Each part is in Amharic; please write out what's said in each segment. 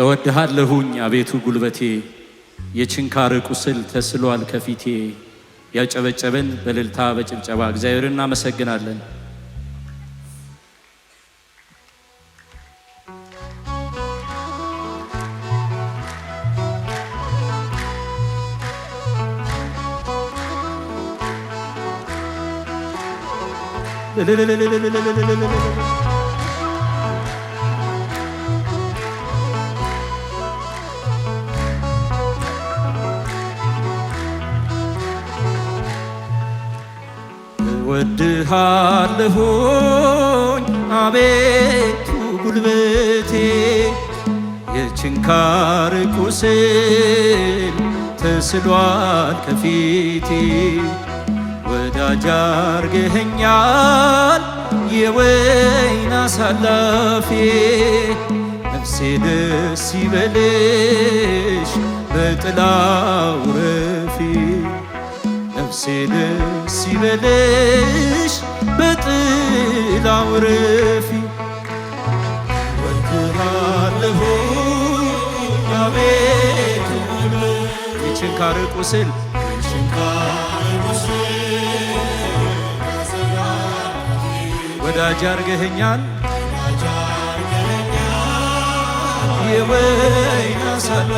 እወድሃለሁኝ አቤቱ ጉልበቴ፣ የችንካር ቁስል ተስሏል ከፊቴ። ያጨበጨበን በልልታ በጭብጨባ እግዚአብሔር እናመሰግናለን። እወድሃለሁኝ አቤቱ ጉልበቴ የችንካር ቁስል ተስሏል ከፊቴ ወዳጅ አርገኸኛል የወይን አሳላፊ ነፍሴ ደስ ይበልሽ በጥላው ረፊ ነፍሴ ሲበለሽ በጥላ ረፊ ወድሃለሁ አቤቱ የችንካር ቁስል ወዳጅ አርገኸኛል የወይን አሳላ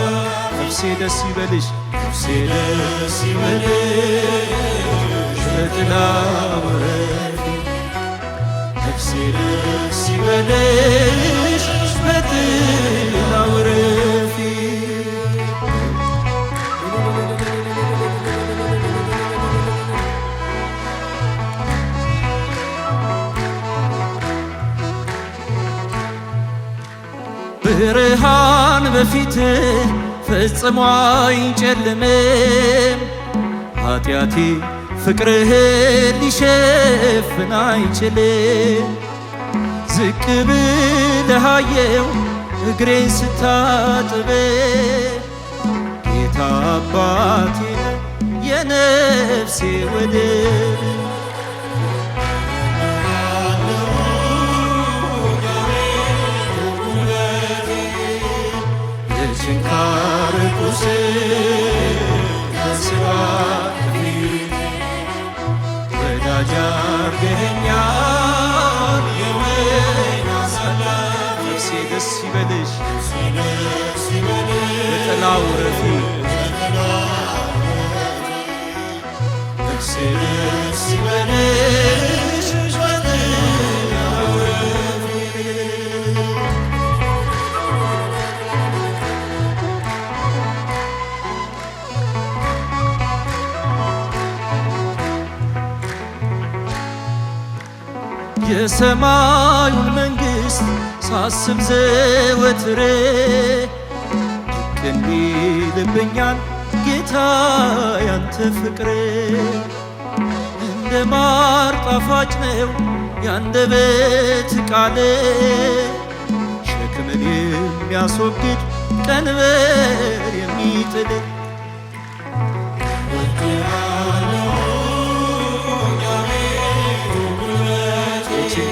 ነፍሴ ደስ ይበልሽ ነፍሴ ደስ ይበልሽ ret namre Hepsini sileneș șmeti namre ብርሃን በፊት ፈጽሞ አይጨልምም ኃጢአቴ ፍቅርህን ሊሸፍን አይችልም። ዝቅ ብለህ አየው እግሬን ስታጥብ ጌታ አባቴ የነፍሴ ወደብ የችንካር ቁስል ከስራ ወዳጅ አድርገኸኛል። የወይን ነፍሴ ደስ ይበልሽ፣ ጥላ። ዕረፊ ነፍሴ ደስ ይበልሽ የሰማዩ መንግሥት ሳስብ ዘወትሬ ድንቅ ይልብኛል ጌታ ያንተ ፍቅሬ እንደ ማር ጣፋጭ ነው ያንደበት ቃል ሸክምን የሚያስወግድ ቀንበር የሚጥል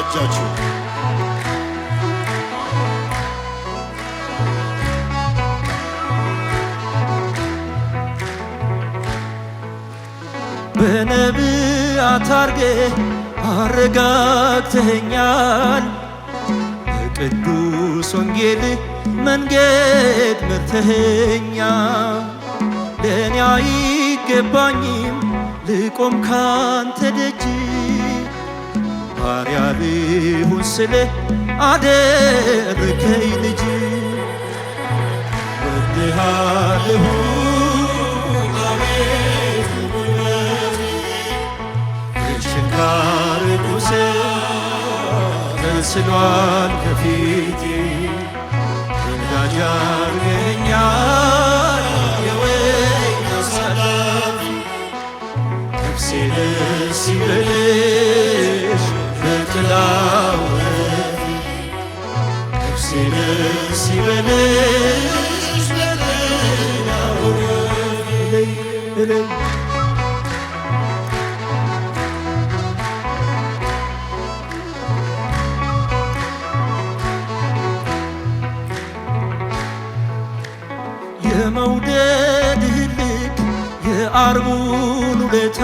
እጃችሁ በነቢያት አድርገህ አረጋግተኸኛል። በቅዱስ ወንጌል መንገድ መርተኸኛል። ለእኔ አይገባኝም ልቆም ካንተ ደጅ ባሪያ ቢሆን ስለ አደረከኝ ልጅ ወድሃለሁ አቤት ጉልበቴ የችንካር ቁሴ ተስሏል ከፊቴ ወዳጅ አድርገኛል የወይን አሳላፊ ነፍሴ ደስ ይበል የመውደድ ህልቅ የአርሙን ውለታ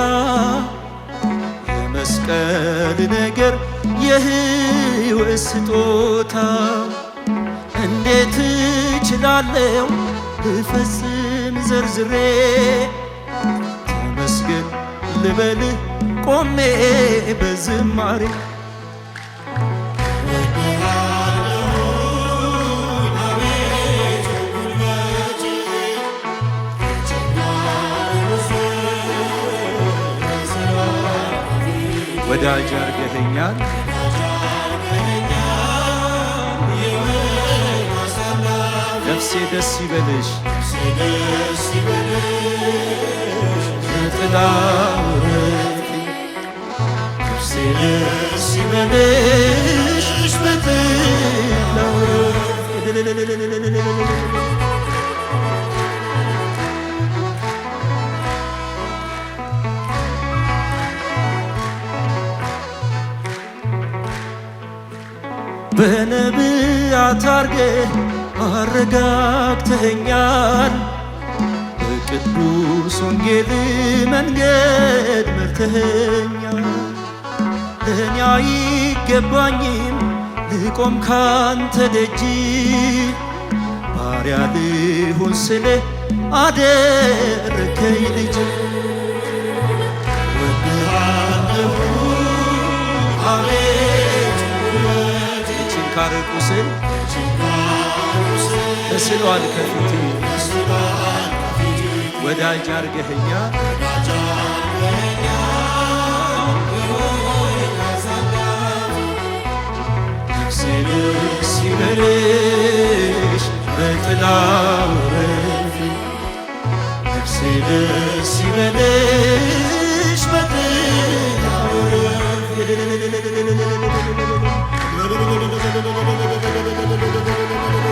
የመስቀል ነገር የህይወት ስጦታ እንዴት እችላለሁ እፈጽም ዘርዝሬ ተመስገን ልበልህ ቆሜ በዝማሬ ወዳጅ አርገኸኛል نفسي دسي بلاش نفسي دسي بلاش تتدارك نفسي دسي بلاش ما تتدارك Beni bir atar gel አረጋግተኸኛል በቅዱስ ወንጌል መንገድ መርተኸኛል። ለእኔ አይገባኝም ልቆም ካንተ ደጅ ባሪያ ልሆን ስለ አደረከኝ ልጅ አቤት ችንካርቁስል ተስሏል ከፊት ወዳጅ አርገኸኛ ሲበልሽ በጥላው ሲደስ ሲበልሽ በጥላው ረፍ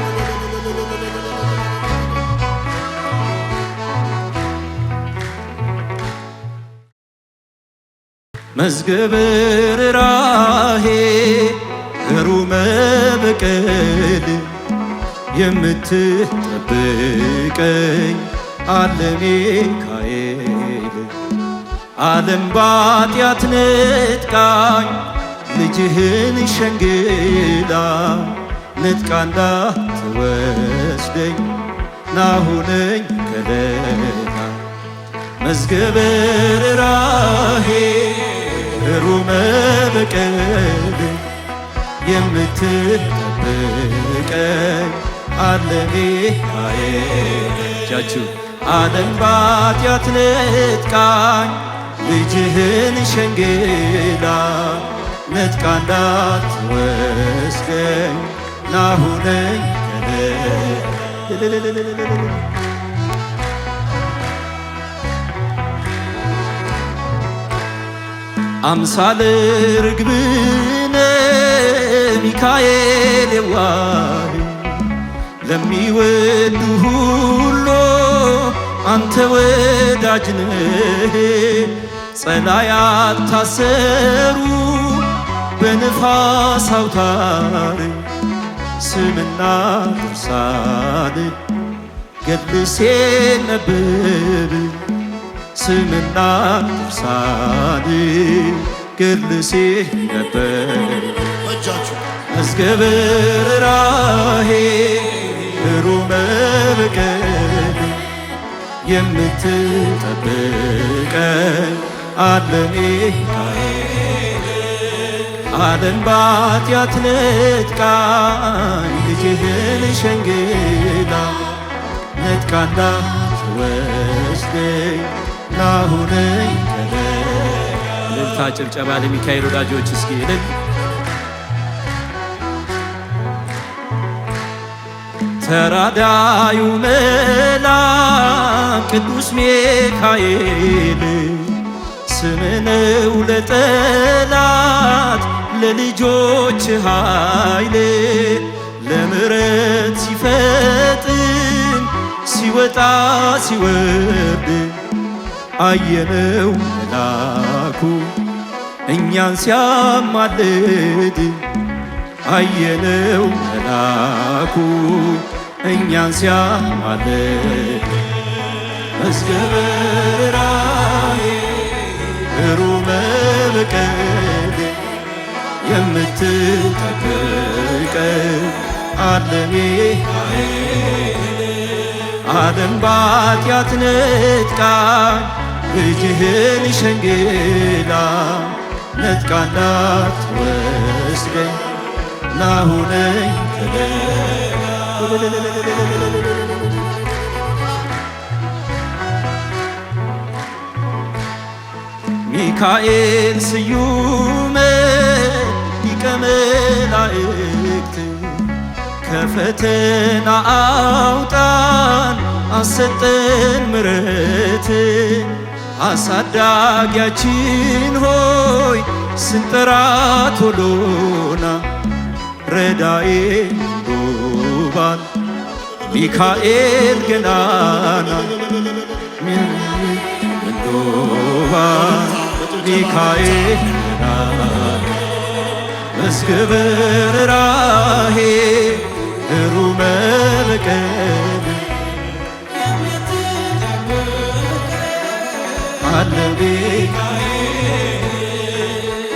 መዝገበ ርኅራኄ ሩመ በቀል የምትጠብቀኝ አለ ሚካኤል ዓለም ባጢአት ነጥቃኝ ልጅህን ሸንግላ ንጥቃንዳ ትወስደኝ ናሁነኝ ከለታ መዝገበ ርኅራኄ ሩህ መበቀል የምትጠብቀኝ ዓለሜ አየቻችሁ ዓለም ባጢአት ነጥቃኝ ልጅህን ሸንግላ ነጥቃ እንዳትወስደኝ ቀና ሁነኝ አምሳለ ርግብነ ሚካኤል የዋህ ለሚወዱ ሁሉ አንተ ወዳጅ ነህ። ጸላያት ታሰሩ በንፋስ አውታር ስምና ጥርሳን ገብሴ ስምና ጥርሳን ገልሴ ነበር መዝገበ ርኅራኄ ዓለም ባጢአት ነጥቃኝ ልጅህን ሸንግላ ነጥቃና ትወስደኝ ናሁነኝ ከለ ልልታ ጭብጨባ ለሚካኤል ወዳጆች እስኪ ልል ተራዳዩ መልአክ ቅዱስ ሚካኤል ስምነው ለጠላት ለልጆች ኃይሌ ለምረት ሲፈጥን ሲወጣ ሲወርድ አየነው መላኩ እኛን ሲያማልድ አየነው መላኩ እኛን ሲያማልድ መዝገበ ራእይ የምትጠብቀን ዓለሜ ዓለም ባጢአት ነጥቃ እጅህን ሸንግላ ነጥቃና ትወስደኝ ናሁነኝ ሚካኤል ስዩም ሊቀ መላእክት ከፈተና አውጣን አሰጠን ምረት አሳዳጊያችን ሆይ ስንጠራ ቶሎና ረዳኤ ዱባል ሚካኤል ገናና ሚካኤል ገናና መስክብር ራሄ እሩ መልቀን አለቤ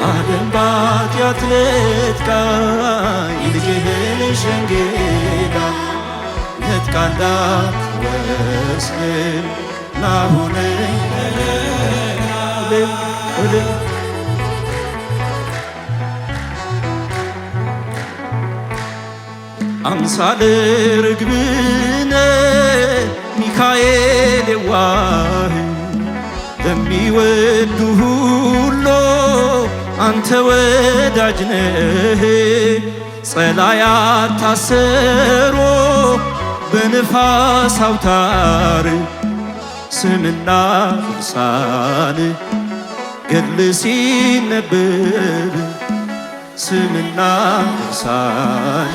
ዓለም ባጢአት ነጥቃ ይልቅህን ሸንግላ ነጥቃላት ወስን ናሁነ አምሳለ ርግብነ ሚካኤል የዋህ ለሚወዱ ሁሉ አንተ ወዳጅ ነህ። ጸላያ ታሰሮ በንፋስ አውታር ስምና ቅዱሳን ገድል ሲነበብ ስምና ቅዱሳን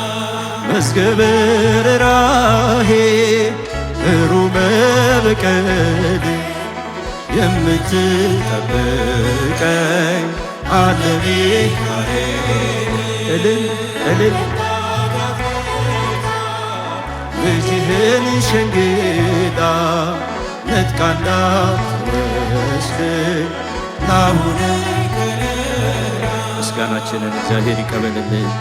መዝገበ ርኅራኄ ሩመ በቀል የምትጠብቀኝ አለሜ እልል ልጅህን ሸንግላ ነጥቃና ወስድ ናሁን ምስጋናችንን እግዚአብሔር ይቀበልልን።